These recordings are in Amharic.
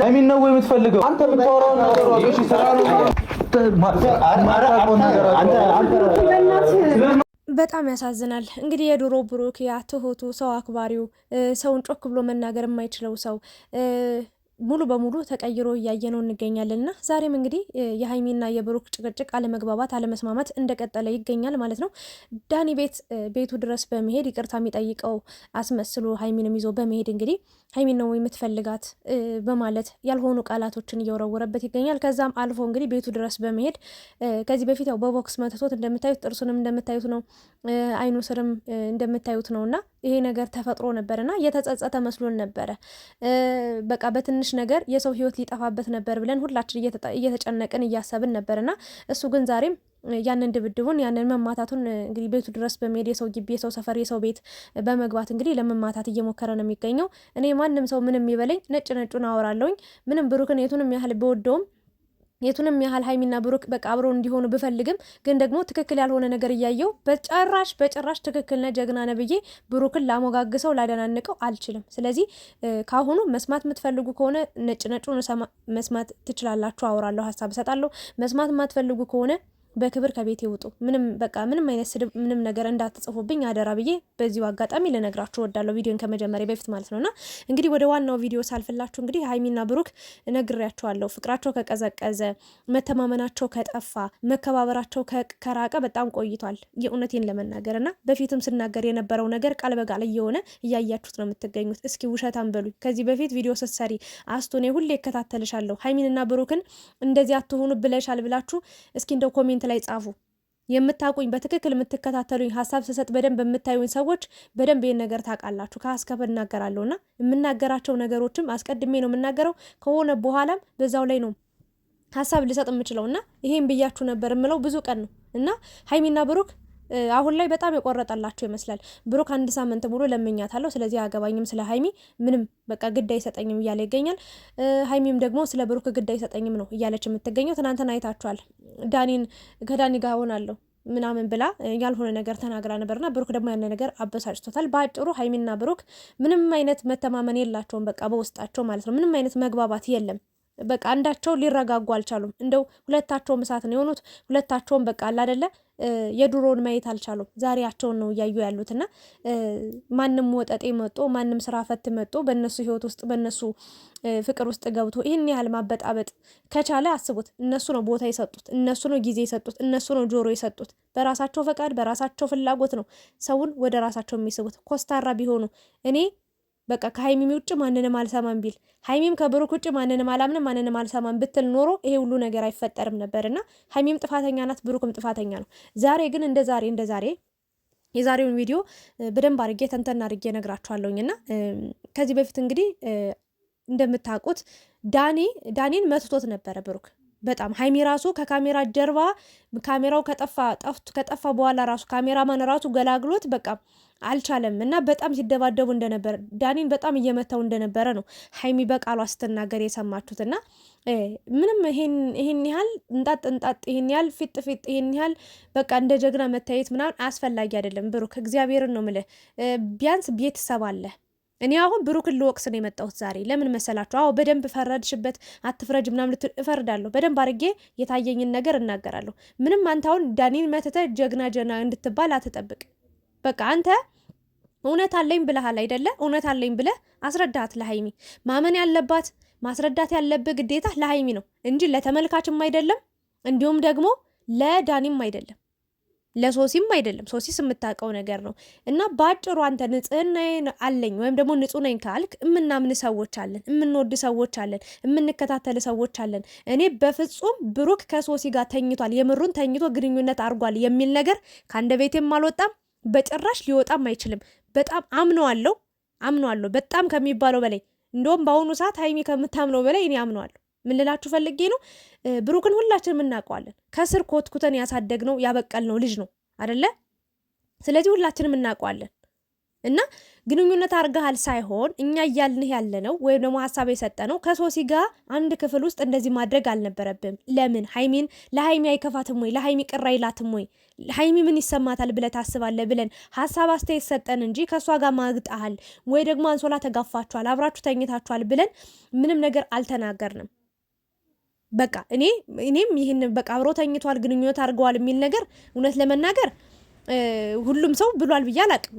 ሀይሚን ነው የምትፈልገው? አንተ በጣም ያሳዝናል። እንግዲህ የድሮ ብሩክ ያ ትሁቱ ሰው አክባሪው ሰውን ጮክ ብሎ መናገር የማይችለው ሰው ሙሉ በሙሉ ተቀይሮ እያየነው እንገኛለን እና ዛሬም እንግዲህ የሀይሚና የብሩክ ጭቅጭቅ፣ አለመግባባት፣ አለመስማማት እንደቀጠለ ይገኛል ማለት ነው። ዳኒ ቤት ቤቱ ድረስ በመሄድ ይቅርታ የሚጠይቀው አስመስሎ ሀይሚንም ይዞ በመሄድ እንግዲህ ሀይሚን ነው የምትፈልጋት በማለት ያልሆኑ ቃላቶችን እየወረወረበት ይገኛል። ከዛም አልፎ እንግዲህ ቤቱ ድረስ በመሄድ ከዚህ በፊት ያው በቦክስ መትቶት እንደምታዩት ጥርሱንም እንደምታዩት ነው አይኑ ስርም እንደምታዩት ነው እና ይሄ ነገር ተፈጥሮ ነበር እና እየተጸጸተ መስሎን ነበረ። በቃ በትንሽ ነገር የሰው ህይወት ሊጠፋበት ነበር ብለን ሁላችን እየተጨነቅን እያሰብን ነበር እና እሱ ግን ዛሬም ያንን ድብድቡን ያንን መማታቱን እንግዲህ ቤቱ ድረስ በመሄድ የሰው ግቢ፣ የሰው ሰፈር፣ የሰው ቤት በመግባት እንግዲህ ለመማታት እየሞከረ ነው የሚገኘው። እኔ ማንም ሰው ምንም ይበለኝ ነጭ ነጩን አወራለሁኝ። ምንም ብሩክን የቱንም ያህል በወደውም የቱንም ያህል ሀይሚና ብሩክ በቃ እንዲሆኑ ብፈልግም ግን ደግሞ ትክክል ያልሆነ ነገር እያየው በጭራሽ በጭራሽ ትክክል ነህ ጀግና ነህ ብዬ ብሩክን ላሞጋግሰው ላደናንቀው አልችልም። ስለዚህ ካሁኑ መስማት የምትፈልጉ ከሆነ ነጭ ነጩን መስማት ትችላላችሁ፣ አወራለሁ፣ ሀሳብ እሰጣለሁ። መስማት የማትፈልጉ ከሆነ በክብር ከቤት ይውጡ። ምንም በቃ ምንም አይነት ስድብ ምንም ነገር እንዳትጽፉብኝ አደራ ብዬ በዚሁ አጋጣሚ ልነግራችሁ ወዳለሁ፣ ቪዲዮን ከመጀመሪያ በፊት ማለት ነውና እንግዲህ ወደ ዋናው ቪዲዮ ሳልፍላችሁ እንግዲህ ሀይሚና ብሩክ ነግሬያችኋለሁ። ፍቅራቸው ከቀዘቀዘ፣ መተማመናቸው ከጠፋ፣ መከባበራቸው ከራቀ በጣም ቆይቷል። የእውነቴን ለመናገር እና በፊትም ስናገር የነበረው ነገር ቃል በቃል እየሆነ እያያችሁት ነው የምትገኙት። እስኪ ውሸታም በሉኝ። ከዚህ በፊት ቪዲዮ ስትሰሪ አስቶኔ ሁሌ እከታተልሻለሁ ሀይሚንና ብሩክን እንደዚህ አትሆኑ ብለሻል ብላችሁ እስኪ እንደው ኮሜንት ኮሜንት ላይ ጻፉ። የምታውቁኝ በትክክል የምትከታተሉኝ ሀሳብ ስሰጥ በደንብ የምታዩኝ ሰዎች በደንብ ይህን ነገር ታውቃላችሁ። ከአስከብ እናገራለሁ እና የምናገራቸው ነገሮችም አስቀድሜ ነው የምናገረው ከሆነ በኋላም በዛው ላይ ነው ሀሳብ ልሰጥ የምችለው እና ይሄን ብያችሁ ነበር የምለው ብዙ ቀን ነው እና ሀይሚና ብሩክ አሁን ላይ በጣም የቆረጠላቸው ይመስላል። ብሩክ አንድ ሳምንት ሙሉ ለምኛታለሁ፣ ስለዚህ አገባኝም ስለ ሀይሚ ምንም በቃ ግድ አይሰጠኝም እያለ ይገኛል። ሀይሚም ደግሞ ስለ ብሩክ ግድ አይሰጠኝም ነው እያለች የምትገኘው። ትናንትና አይታችኋል። ዳኒን ከዳኒ ጋር ሆናለሁ ምናምን ብላ ያልሆነ ነገር ተናግራ ነበርና ብሩክ ደግሞ ያለ ነገር አበሳጭቶታል። በአጭሩ ሀይሚና ብሩክ ምንም አይነት መተማመን የላቸውም፣ በቃ በውስጣቸው ማለት ነው። ምንም አይነት መግባባት የለም። በቃ አንዳቸው ሊረጋጉ አልቻሉም። እንደው ሁለታቸውም እሳት ነው የሆኑት። ሁለታቸውም በቃ አላደለ የድሮውን ማየት አልቻሉም። ዛሬያቸውን ነው እያዩ ያሉት ማንም ወጠጤ መጦ ማንም ስራ ፈት መጦ በእነሱ ህይወት ውስጥ በእነሱ ፍቅር ውስጥ ገብቶ ይህን ያህል ማበጣበጥ ከቻለ አስቡት። እነሱ ነው ቦታ የሰጡት፣ እነሱ ነው ጊዜ የሰጡት፣ እነሱ ነው ጆሮ የሰጡት። በራሳቸው ፈቃድ በራሳቸው ፍላጎት ነው ሰውን ወደ ራሳቸው የሚስቡት። ኮስታራ ቢሆኑ እኔ በቃ ከሀይሚም ውጭ ማንንም አልሰማም ቢል ሀይሚም ከብሩክ ውጭ ማንንም አላምንም ማንንም አልሰማም ብትል ኖሮ ይሄ ሁሉ ነገር አይፈጠርም ነበር እና ሀይሚም ጥፋተኛ ናት፣ ብሩክም ጥፋተኛ ነው። ዛሬ ግን እንደ ዛሬ እንደ ዛሬ የዛሬውን ቪዲዮ በደንብ አድርጌ ተንተና አድርጌ ነግራችኋለሁኝ እና ከዚህ በፊት እንግዲህ እንደምታውቁት ዳኒ ዳኒን መትቶት ነበረ ብሩክ በጣም ሀይሚ ራሱ ከካሜራ ጀርባ ካሜራው ከጠፋ ጠፍቱ ከጠፋ በኋላ ራሱ ካሜራማን ራሱ ገላግሎት በቃ አልቻለም እና በጣም ሲደባደቡ እንደነበረ ዳኒን በጣም እየመተው እንደነበረ ነው ሀይሚ በቃሏ ስትናገር የሰማችሁት። እና ምንም ይህን ያህል እንጣጥ እንጣጥ፣ ይህን ያህል ፊጥ ፊጥ፣ ይህን ያህል በቃ እንደ ጀግና መታየት ምናምን አስፈላጊ አይደለም ብሩክ። እግዚአብሔርን ነው ምልህ ቢያንስ ቤተሰብ አለ። እኔ አሁን ብሩክን ልወቅስ ነው የመጣሁት ዛሬ። ለምን መሰላችሁ? አዎ በደንብ ፈረድሽበት፣ አትፍረጅ ምናምን ልትል እፈርዳለሁ። በደንብ አድርጌ የታየኝን ነገር እናገራለሁ። ምንም አንተ አሁን ዳኒን መተተ ጀግና ጀና እንድትባል አትጠብቅ። በቃ አንተ እውነት አለኝ ብለሃል አይደለ? እውነት አለኝ ብለህ አስረዳት። ለሀይሚ ማመን ያለባት ማስረዳት ያለብህ ግዴታ ለሀይሚ ነው እንጂ ለተመልካችም አይደለም፣ እንዲሁም ደግሞ ለዳኒም አይደለም። ለሶሲም አይደለም ሶሲስ የምታውቀው ነገር ነው። እና በአጭሩ አንተ ንጽህና አለኝ ወይም ደግሞ ንጹህ ነኝ ካልክ የምናምን ሰዎች አለን፣ የምንወድ ሰዎች አለን፣ የምንከታተል ሰዎች አለን። እኔ በፍጹም ብሩክ ከሶሲ ጋር ተኝቷል፣ የምሩን ተኝቶ ግንኙነት አድርጓል የሚል ነገር ከአንደ ቤቴም አልወጣም፣ በጭራሽ ሊወጣም አይችልም። በጣም አምነዋለሁ፣ አምነዋለሁ በጣም ከሚባለው በላይ እንደውም በአሁኑ ሰዓት ሀይሚ ከምታምነው በላይ እኔ አምነዋለሁ። ምን ልላችሁ ፈልጌ ነው፣ ብሩክን ሁላችንም እናውቀዋለን። ከስር ኮትኩተን ያሳደግነው ያበቀልነው ልጅ ነው አደለ? ስለዚህ ሁላችንም እናውቀዋለን። እና ግንኙነት አርገሃል ሳይሆን እኛ እያልንህ ያለነው ወይም ደግሞ ሀሳብ የሰጠነው ከሶሲ ጋር አንድ ክፍል ውስጥ እንደዚህ ማድረግ አልነበረብም። ለምን ሀይሚን ለሀይሚ አይከፋትም ወይ ለሀይሚ ቅር አይላትም ወይ ሀይሚ ምን ይሰማታል ብለህ ታስባለህ? ብለን ሀሳብ አስተያየት ሰጠን እንጂ ከእሷ ጋር ማግጣሃል ወይ ደግሞ አንሶላ ተጋፋችኋል፣ አብራችሁ ተኝታችኋል ብለን ምንም ነገር አልተናገርንም። በቃ እኔ እኔም ይህን በቃ አብሮ ተኝቷል ግንኙነት አድርገዋል የሚል ነገር እውነት ለመናገር ሁሉም ሰው ብሏል ብዬ አላቅም።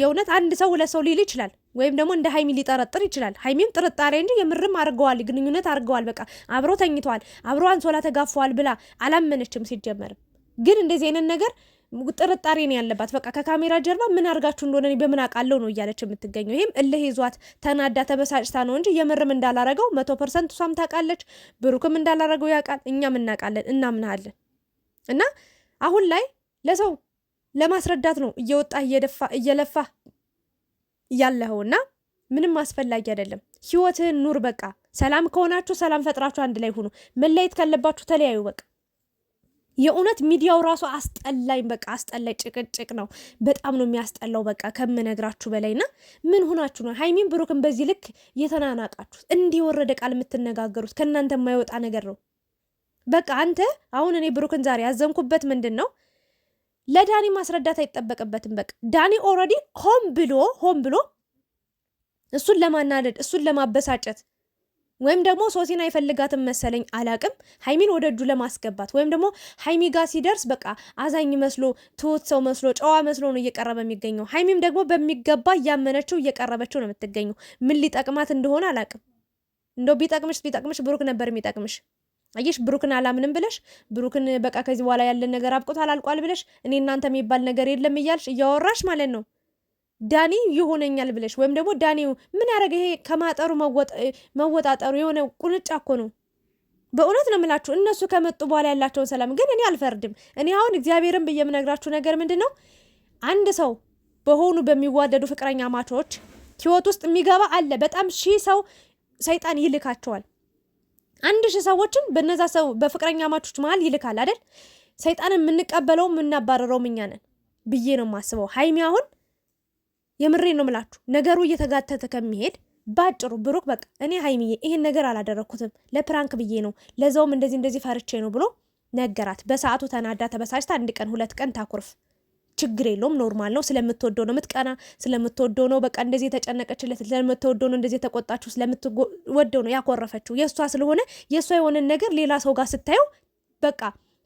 የእውነት አንድ ሰው ለሰው ሊል ይችላል፣ ወይም ደግሞ እንደ ሀይሚ ሊጠረጥር ይችላል። ሀይሚም ጥርጣሬ እንጂ የምርም አድርገዋል፣ ግንኙነት አድርገዋል፣ በቃ አብሮ ተኝተዋል፣ አብሮ አንሶላ ተጋፈዋል ብላ አላመነችም ሲጀመርም ግን እንደዚህ አይነት ነገር ጥርጣሬ ነው ያለባት። በቃ ከካሜራ ጀርባ ምን አድርጋችሁ እንደሆነ እኔ በምን አውቃለሁ ነው እያለች የምትገኘው። ይህም እልህ ይዟት ተናዳ ተበሳጭታ ነው እንጂ የምርም እንዳላረገው መቶ ፐርሰንት እሷም ታውቃለች፣ ብሩክም እንዳላረገው ያውቃል፣ እኛም እናውቃለን፣ እናምናለን። እና አሁን ላይ ለሰው ለማስረዳት ነው እየወጣ እየደፋ እየለፋ እና ምንም አስፈላጊ አይደለም። ህይወትህን ኑር በቃ። ሰላም ከሆናችሁ ሰላም ፈጥራችሁ አንድ ላይ ሁኑ። መለየት ካለባችሁ ተለያዩ በቃ። የእውነት ሚዲያው ራሱ አስጠላኝ። በቃ አስጠላኝ፣ ጭቅጭቅ ነው። በጣም ነው የሚያስጠላው። በቃ ከምነግራችሁ በላይ ና ምን ሆናችሁ ነው ሀይሚን ብሩክን በዚህ ልክ የተናናቃችሁት? እንዲህ የወረደ ቃል የምትነጋገሩት ከእናንተ የማይወጣ ነገር ነው። በቃ አንተ አሁን እኔ ብሩክን ዛሬ ያዘንኩበት ምንድን ነው ለዳኒ ማስረዳት አይጠበቅበትም። በቃ ዳኒ ኦልሬዲ ሆን ብሎ ሆን ብሎ እሱን ለማናደድ እሱን ለማበሳጨት ወይም ደግሞ ሶሲን አይፈልጋትም መሰለኝ አላቅም። ሀይሚን ወደ እጁ ለማስገባት ወይም ደግሞ ሀይሚ ጋር ሲደርስ በቃ አዛኝ መስሎ ትሁት ሰው መስሎ ጨዋ መስሎ ነው እየቀረበ የሚገኘው። ሀይሚም ደግሞ በሚገባ እያመነችው እየቀረበችው ነው የምትገኘው። ምን ሊጠቅማት እንደሆነ አላቅም። እንደው ቢጠቅምሽ ቢጠቅምሽ ብሩክ ነበር የሚጠቅምሽ። አየሽ ብሩክን አላምንም ብለሽ ብሩክን በቃ ከዚህ በኋላ ያለን ነገር አብቅቷል አልቋል ብለሽ እኔ እናንተ የሚባል ነገር የለም እያልሽ እያወራሽ ማለት ነው ዳኒ ይሆነኛል ብለሽ ወይም ደግሞ ዳኒ ምን ያደረገ ይሄ ከማጠሩ መወጣጠሩ የሆነ ቁንጫ እኮ ነው። በእውነት ነው የምላችሁ እነሱ ከመጡ በኋላ ያላቸውን ሰላም ግን እኔ አልፈርድም። እኔ አሁን እግዚአብሔርን ብዬ የምነግራችሁ ነገር ምንድን ነው አንድ ሰው በሆኑ በሚዋደዱ ፍቅረኛ ማቾች ህይወት ውስጥ የሚገባ አለ። በጣም ሺህ ሰው ሰይጣን ይልካቸዋል። አንድ ሺህ ሰዎችን በነዛ ሰው በፍቅረኛ ማቾች መሀል ይልካል አይደል? ሰይጣንን የምንቀበለው የምናባረረው እኛ ነን ብዬ ነው የማስበው። ሀይሚ አሁን የምሬ ነው ምላችሁ ነገሩ እየተጋተተ ከሚሄድ ባጭሩ ብሩክ በቃ እኔ ሀይሚዬ ይሄን ነገር አላደረግኩትም ለፕራንክ ብዬ ነው ለዛውም እንደዚህ እንደዚህ ፈርቼ ነው ብሎ ነገራት። በሰዓቱ ተናዳ ተበሳጭታ አንድ ቀን ሁለት ቀን ታኩርፍ፣ ችግር የለውም ኖርማል ነው። ስለምትወደው ነው የምትቀና፣ ስለምትወደው ነው በቃ እንደዚህ የተጨነቀችለት፣ ስለምትወደው ነው እንደዚህ የተቆጣችው፣ ስለምትወደው ነው ያኮረፈችው። የእሷ ስለሆነ የእሷ የሆነን ነገር ሌላ ሰው ጋር ስታየው በቃ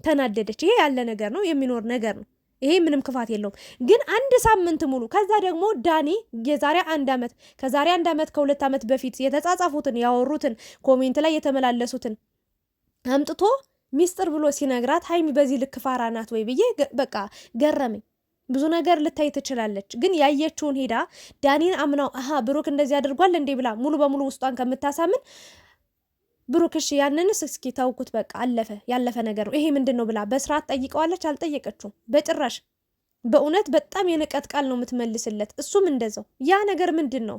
ተናደደች። ይሄ ያለ ነገር ነው፣ የሚኖር ነገር ነው። ይሄ ምንም ክፋት የለውም። ግን አንድ ሳምንት ሙሉ ከዛ ደግሞ ዳኒ የዛሬ አንድ ዓመት ከዛሬ አንድ ዓመት ከሁለት ዓመት በፊት የተጻጻፉትን ያወሩትን ኮሜንት ላይ የተመላለሱትን አምጥቶ ሚስጥር ብሎ ሲነግራት ሀይሚ በዚህ ልክ ፋራ ናት ወይ ብዬ በቃ ገረመኝ። ብዙ ነገር ልታይ ትችላለች፣ ግን ያየችውን ሄዳ ዳኒን አምናው አሀ ብሩክ እንደዚህ አድርጓል እንዴ ብላ ሙሉ በሙሉ ውስጧን ከምታሳምን ብሩክሽ ያንንስ እስኪ ታውኩት፣ በቃ አለፈ፣ ያለፈ ነገር ነው ይሄ ምንድን ነው ብላ በስርዓት ጠይቀዋለች? አልጠየቀችውም በጭራሽ። በእውነት በጣም የንቀት ቃል ነው የምትመልስለት። እሱም እንደዛው። ያ ነገር ምንድን ነው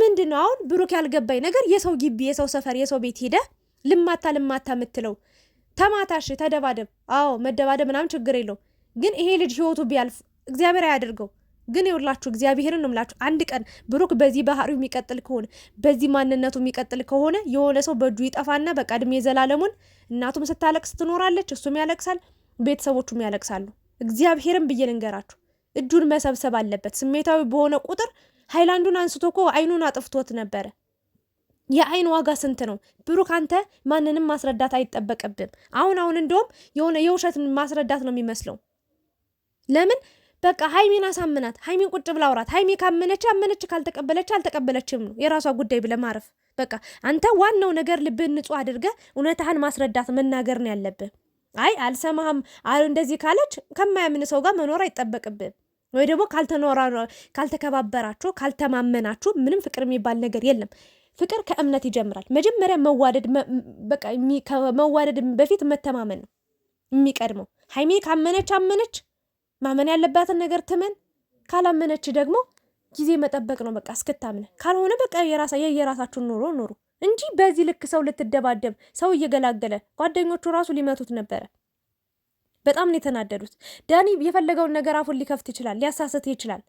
ምንድን ነው? አሁን ብሩክ ያልገባኝ ነገር የሰው ግቢ፣ የሰው ሰፈር፣ የሰው ቤት ሄደ ልማታ ልማታ የምትለው ተማታሽ፣ ተደባደብ። አዎ መደባደብ ምናምን ችግር የለው ግን ይሄ ልጅ ህይወቱ ቢያልፍ እግዚአብሔር አያደርገው። ግን ይውላችሁ እግዚአብሔርን ነው ምላችሁ። አንድ ቀን ብሩክ በዚህ ባህሪው የሚቀጥል ከሆነ በዚህ ማንነቱ የሚቀጥል ከሆነ የሆነ ሰው በእጁ ይጠፋና በቀድሜ ዘላለሙን እናቱም ስታለቅስ ትኖራለች፣ እሱም ያለቅሳል፣ ቤተሰቦቹም ያለቅሳሉ። እግዚአብሔርን ብዬ ልንገራችሁ እጁን መሰብሰብ አለበት። ስሜታዊ በሆነ ቁጥር ሀይላንዱን አንስቶ እኮ አይኑን አጥፍቶት ነበረ። የአይን ዋጋ ስንት ነው? ብሩክ አንተ ማንንም ማስረዳት አይጠበቅብም። አሁን አሁን እንደውም የሆነ የውሸት ማስረዳት ነው የሚመስለው ለምን በቃ ሀይሚን አሳምናት፣ ሀይሚን ቁጭ ብላ አውራት። ሀይሚ ካመነች አመነች፣ ካልተቀበለች አልተቀበለችም ነው የራሷ ጉዳይ ብለህ ማረፍ። በቃ አንተ ዋናው ነገር ልብህን ንጹህ አድርገህ እውነታህን ማስረዳት መናገር ነው ያለብህ። አይ አልሰማህም አሉ እንደዚህ ካለች ከማያምን ሰው ጋር መኖር አይጠበቅብህም። ወይ ደግሞ ካልተኖራ ካልተከባበራችሁ፣ ካልተማመናችሁ ምንም ፍቅር የሚባል ነገር የለም። ፍቅር ከእምነት ይጀምራል። መጀመሪያ መዋደድ በቃ መዋደድ በፊት መተማመን ነው የሚቀድመው። ሀይሜ ካመነች አመነች ማመን ያለባትን ነገር ትመን፣ ካላመነች ደግሞ ጊዜ መጠበቅ ነው በቃ እስክታምን። ካልሆነ በቃ የራሳ የየራሳችሁን ኑሮ ኑሩ እንጂ በዚህ ልክ ሰው ልትደባደብ ሰው እየገላገለ ጓደኞቹ ራሱ ሊመቱት ነበረ። በጣም ነው የተናደዱት። ዳኒ የፈለገውን ነገር አፉን ሊከፍት ይችላል፣ ሊያሳስት ይችላል።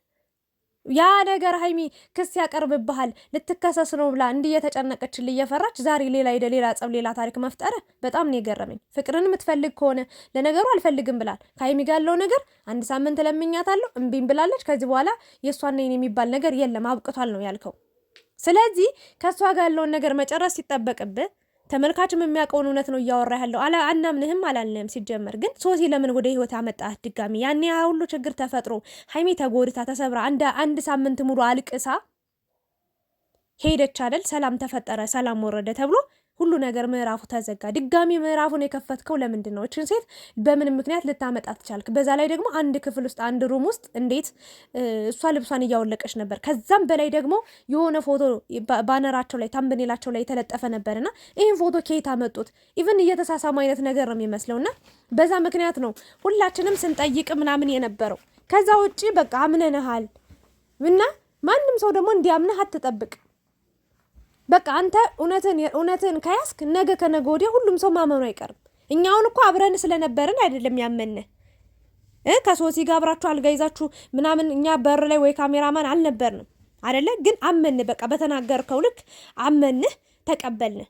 ያ ነገር ሀይሚ ክስ ያቀርብብሃል ልትከሰስ ነው ብላ እንዲህ የተጨነቀችል እየፈራች ዛሬ ሌላ ሄደ ሌላ ጸብ ሌላ ታሪክ መፍጠር በጣም ነው የገረመኝ። ፍቅርን የምትፈልግ ከሆነ ለነገሩ አልፈልግም ብላል። ከሀይሚ ጋር ያለው ነገር አንድ ሳምንት ለምኛታለሁ እምቢም ብላለች። ከዚህ በኋላ የእሷና የኔ የሚባል ነገር የለም አብቅቷል ነው ያልከው። ስለዚህ ከእሷ ጋር ያለውን ነገር መጨረስ ሲጠበቅብህ ተመልካችም የሚያውቀውን እውነት ነው እያወራ ያለው። አናምንህም አላልንም። ሲጀመር ግን ሶሲ ለምን ወደ ህይወት አመጣት ድጋሚ? ያኔ ሁሉ ችግር ተፈጥሮ ሀይሜ ተጎድታ ተሰብራ አንድ ሳምንት ሙሉ አልቅሳ ሄደች አይደል? ሰላም ተፈጠረ፣ ሰላም ወረደ ተብሎ ሁሉ ነገር ምዕራፉ ተዘጋ። ድጋሚ ምዕራፉን የከፈትከው ለምንድን ነው? እችን ሴት በምን ምክንያት ልታመጣት ቻልክ? በዛ ላይ ደግሞ አንድ ክፍል ውስጥ አንድ ሩም ውስጥ እንዴት እሷ ልብሷን እያወለቀች ነበር። ከዛም በላይ ደግሞ የሆነ ፎቶ ባነራቸው ላይ ታምብኔላቸው ላይ የተለጠፈ ነበርና ይህን ፎቶ ከየት አመጡት? ኢቨን እየተሳሳሙ አይነት ነገር ነው የሚመስለውና በዛ ምክንያት ነው ሁላችንም ስንጠይቅ ምናምን የነበረው። ከዛ ውጪ በቃ አምነንሃል እና ማንም ሰው ደግሞ እንዲያምነህ አትጠብቅ። በቃ አንተ እውነትን እውነትን ከያዝክ ነገ ከነገ ወዲያ ሁሉም ሰው ማመኑ አይቀርም። እኛውን እኮ አብረን ስለነበርን አይደለም ያመነ ከሶሲ ጋር አብራችሁ አልጋ ይዛችሁ ምናምን እኛ በር ላይ ወይ ካሜራማን አልነበርንም አደለ? ግን አመን በቃ በተናገርከው ልክ አመንህ፣ ተቀበልን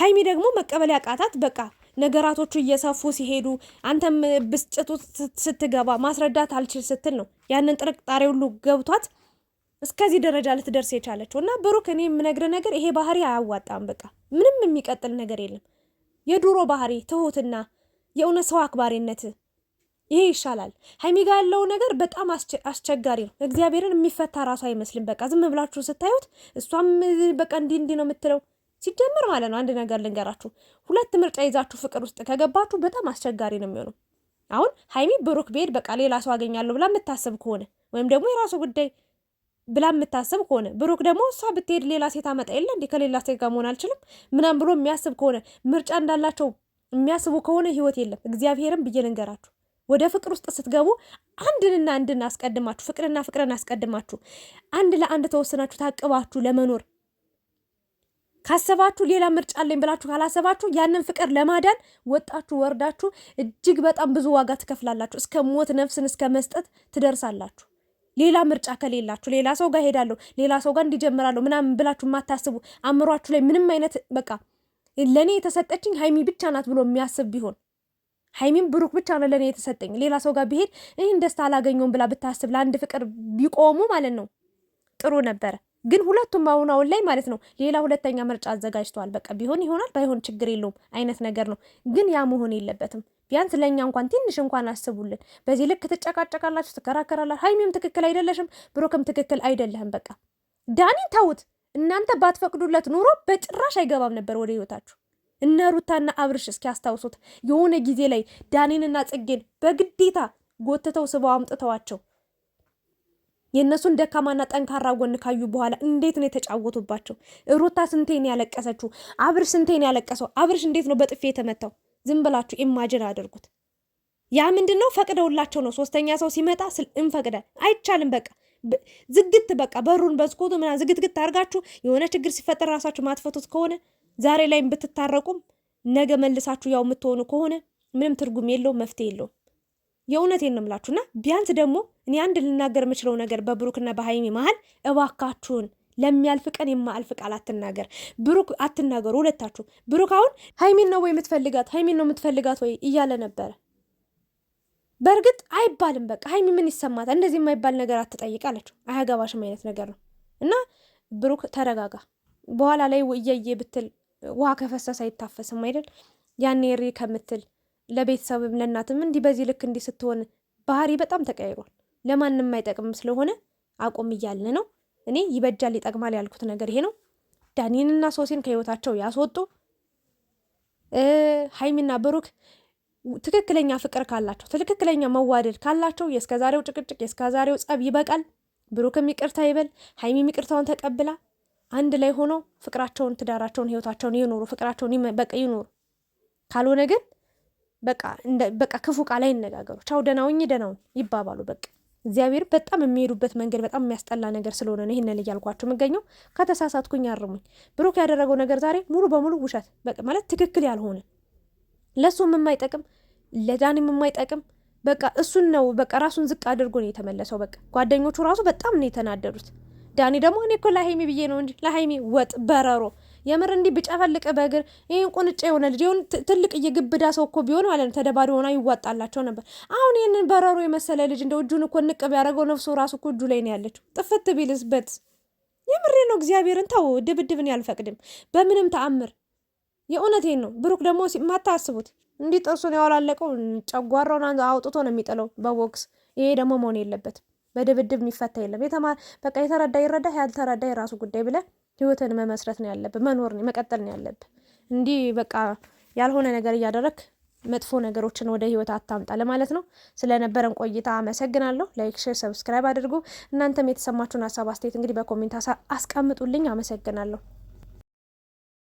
ሀይሚ ደግሞ መቀበል ያቃታት በቃ ነገራቶቹ እየሰፉ ሲሄዱ አንተም ብስጭቱ ስትገባ ማስረዳት አልችል ስትል ነው ያንን ጥርጣሬ ሁሉ ገብቷት እስከዚህ ደረጃ ልትደርስ የቻለችው እና ብሩክ፣ እኔ የምነግር ነገር ይሄ ባህሪ አያዋጣም። በቃ ምንም የሚቀጥል ነገር የለም። የድሮ ባህሪ ትሁትና የእውነት ሰው አክባሪነት ይሄ ይሻላል። ሀይሚ ጋ ያለው ነገር በጣም አስቸጋሪ ነው። እግዚአብሔርን የሚፈታ ራሱ አይመስልም። በቃ ዝም ብላችሁ ስታዩት እሷም በቃ እንዲህ እንዲህ ነው የምትለው ሲጀምር ማለት ነው። አንድ ነገር ልንገራችሁ፣ ሁለት ምርጫ ይዛችሁ ፍቅር ውስጥ ከገባችሁ በጣም አስቸጋሪ ነው የሚሆነው። አሁን ሀይሚ ብሩክ ብሄድ በቃ ሌላ ሰው አገኛለሁ ብላ የምታስብ ከሆነ ወይም ደግሞ የራሱ ጉዳይ ብላ የምታስብ ከሆነ ብሩክ ደግሞ እሷ ብትሄድ ሌላ ሴት አመጣ የለ እንዴ ከሌላ ሴት ጋር መሆን አልችልም ምናም ብሎ የሚያስብ ከሆነ ምርጫ እንዳላቸው የሚያስቡ ከሆነ ህይወት የለም። እግዚአብሔርም ብዬ ልንገራችሁ፣ ወደ ፍቅር ውስጥ ስትገቡ አንድንና አንድን አስቀድማችሁ ፍቅርና ፍቅርን አስቀድማችሁ አንድ ለአንድ ተወስናችሁ ታቅባችሁ ለመኖር ካሰባችሁ ሌላ ምርጫ አለኝ ብላችሁ ካላሰባችሁ ያንን ፍቅር ለማዳን ወጣችሁ ወርዳችሁ እጅግ በጣም ብዙ ዋጋ ትከፍላላችሁ። እስከ ሞት ነፍስን እስከ መስጠት ትደርሳላችሁ። ሌላ ምርጫ ከሌላችሁ ሌላ ሰው ጋር ሄዳለሁ፣ ሌላ ሰው ጋር እንዲጀምራለሁ ምናምን ብላችሁ የማታስቡ አእምሯችሁ ላይ ምንም አይነት በቃ ለእኔ የተሰጠችኝ ሀይሚ ብቻ ናት ብሎ የሚያስብ ቢሆን ሀይሚም ብሩክ ብቻ ነው ለእኔ የተሰጠኝ፣ ሌላ ሰው ጋር ብሄድ ይህን ደስታ አላገኘውም ብላ ብታስብ ለአንድ ፍቅር ቢቆሙ ማለት ነው ጥሩ ነበረ። ግን ሁለቱም አሁን አሁን ላይ ማለት ነው ሌላ ሁለተኛ ምርጫ አዘጋጅተዋል። በቃ ቢሆን ይሆናል ባይሆን ችግር የለውም አይነት ነገር ነው። ግን ያ መሆን የለበትም። ቢያንስ ለእኛ እንኳን ትንሽ እንኳን አስቡልን። በዚህ ልክ ትጨቃጨቃላችሁ፣ ትከራከራላችሁ። ሀይሚም ትክክል አይደለሽም፣ ብሮክም ትክክል አይደለህም። በቃ ዳኒ ተውት። እናንተ ባትፈቅዱለት ኑሮ በጭራሽ አይገባም ነበር ወደ ህይወታችሁ። እነ ሩታና አብርሽ እስኪያስታውሱት የሆነ ጊዜ ላይ ዳኒንና ጽጌን በግዴታ ጎትተው ስበው አምጥተዋቸው የእነሱን ደካማና ጠንካራ ጎን ካዩ በኋላ እንዴት ነው የተጫወቱባቸው? ሩታ ስንቴን ያለቀሰችው? አብርሽ ስንቴን ያለቀሰው? አብርሽ እንዴት ነው በጥፌ የተመታው? ዝም ብላችሁ ኢማጅን አድርጉት። ያ ምንድን ነው? ፈቅደውላቸው ነው። ሶስተኛ ሰው ሲመጣ እንፈቅደ አይቻልም። በቃ ዝግት በቃ በሩን በስኮቱ ምና ዝግትግት አድርጋችሁ የሆነ ችግር ሲፈጠር ራሳችሁ ማትፈቱት ከሆነ ዛሬ ላይ ብትታረቁም ነገ መልሳችሁ ያው የምትሆኑ ከሆነ ምንም ትርጉም የለውም፣ መፍትሄ የለውም። የእውነቴን ነው የምላችሁና ቢያንስ ደግሞ እኔ አንድ ልናገር የምችለው ነገር በብሩክና በሀይሚ መሀል እባካችሁን ለሚያልፍ ቀን የማያልፍ ቃል አትናገር ብሩክ፣ አትናገሩ ሁለታችሁ። ብሩክ አሁን ሀይሚን ነው ወይ የምትፈልጋት? ሀይሚን ነው የምትፈልጋት ወይ እያለ ነበረ። በእርግጥ አይባልም። በቃ ሀይሚ ምን ይሰማታል? እንደዚህ የማይባል ነገር አትጠይቅ አለችው። አያገባሽም አይነት ነገር ነው እና ብሩክ ተረጋጋ። በኋላ ላይ እያየ ብትል ውሃ ከፈሰሰ አይታፈስም አይደል? ያኔ ሪ ከምትል ለቤተሰብም ለእናትም እንዲህ በዚህ ልክ እንዲህ ስትሆን ባህሪ በጣም ተቀይሯል። ለማንም አይጠቅምም ስለሆነ አቁም እያልን ነው። እኔ ይበጃል ይጠቅማል ያልኩት ነገር ይሄ ነው። ዳኒንና ሶሲን ከህይወታቸው ያስወጡ ሀይሚና ብሩክ ትክክለኛ ፍቅር ካላቸው ትክክለኛ መዋደድ ካላቸው የእስከዛሬው ጭቅጭቅ የእስከዛሬው ጸብ ይበቃል። ብሩክም ይቅርታ ይበል፣ ሀይሚም ይቅርታውን ተቀብላ አንድ ላይ ሆኖ ፍቅራቸውን፣ ትዳራቸውን፣ ህይወታቸውን ይኖሩ፣ ፍቅራቸውን በቃ ይኖሩ። ካልሆነ ግን በቃ ክፉ ቃል አይነጋገሩ። ቻው፣ ደናውኝ ደናውን ይባባሉ በቃ። እግዚአብሔር በጣም የሚሄዱበት መንገድ በጣም የሚያስጠላ ነገር ስለሆነ ነው ይህንን እያልኳቸው የምገኘው። ከተሳሳትኩኝ አርሙኝ። ብሩክ ያደረገው ነገር ዛሬ ሙሉ በሙሉ ውሸት ማለት ትክክል ያልሆነ ለእሱም የማይጠቅም ለዳኒም የማይጠቅም በቃ እሱን ነው በቃ ራሱን ዝቅ አድርጎ ነው የተመለሰው። በቃ ጓደኞቹ ራሱ በጣም ነው የተናደዱት። ዳኒ ደግሞ እኔ እኮ ለሀይሚ ብዬ ነው እንጂ ለሀይሚ ወጥ በረሮ የምር እንዲህ ብጨፈልቅ በእግር ይህን ቁንጫ የሆነ ልጅ ሆን ትልቅ እየግብዳ ሰው እኮ ቢሆን ማለት ነው ተደባዶ ሆና ይዋጣላቸው ነበር። አሁን ይህንን በረሮ የመሰለ ልጅ እንደው እጁን እኮ ንቅ ቢያደርገው ነፍሱ ራሱ እኮ እጁ ላይ ነው ያለችው። ጥፍት ቢልስበት የምሬ ነው። እግዚአብሔርን ተው፣ ድብድብን ያልፈቅድም በምንም ተአምር። የእውነቴን ነው። ብሩክ ደግሞ ማታስቡት እንዲህ ጥርሱን ያወላለቀው ጨጓራውን አውጥቶ ነው የሚጥለው በቦክስ። ይሄ ደግሞ መሆን የለበትም። በድብድብ የሚፈታ የለም። በቃ የተረዳ ይረዳ፣ ያልተረዳ የራሱ ጉዳይ ብለህ ህይወትን መመስረት ነው ያለብህ፣ መኖር ነው መቀጠል ነው ያለብህ። እንዲህ በቃ ያልሆነ ነገር እያደረግ መጥፎ ነገሮችን ወደ ህይወት አታምጣ ለማለት ነው። ስለነበረን ቆይታ አመሰግናለሁ። ላይክ፣ ሼር፣ ሰብስክራይብ አድርጉ። እናንተም የተሰማችሁን ሀሳብ አስተያየት እንግዲህ በኮሜንት አስቀምጡልኝ። አመሰግናለሁ።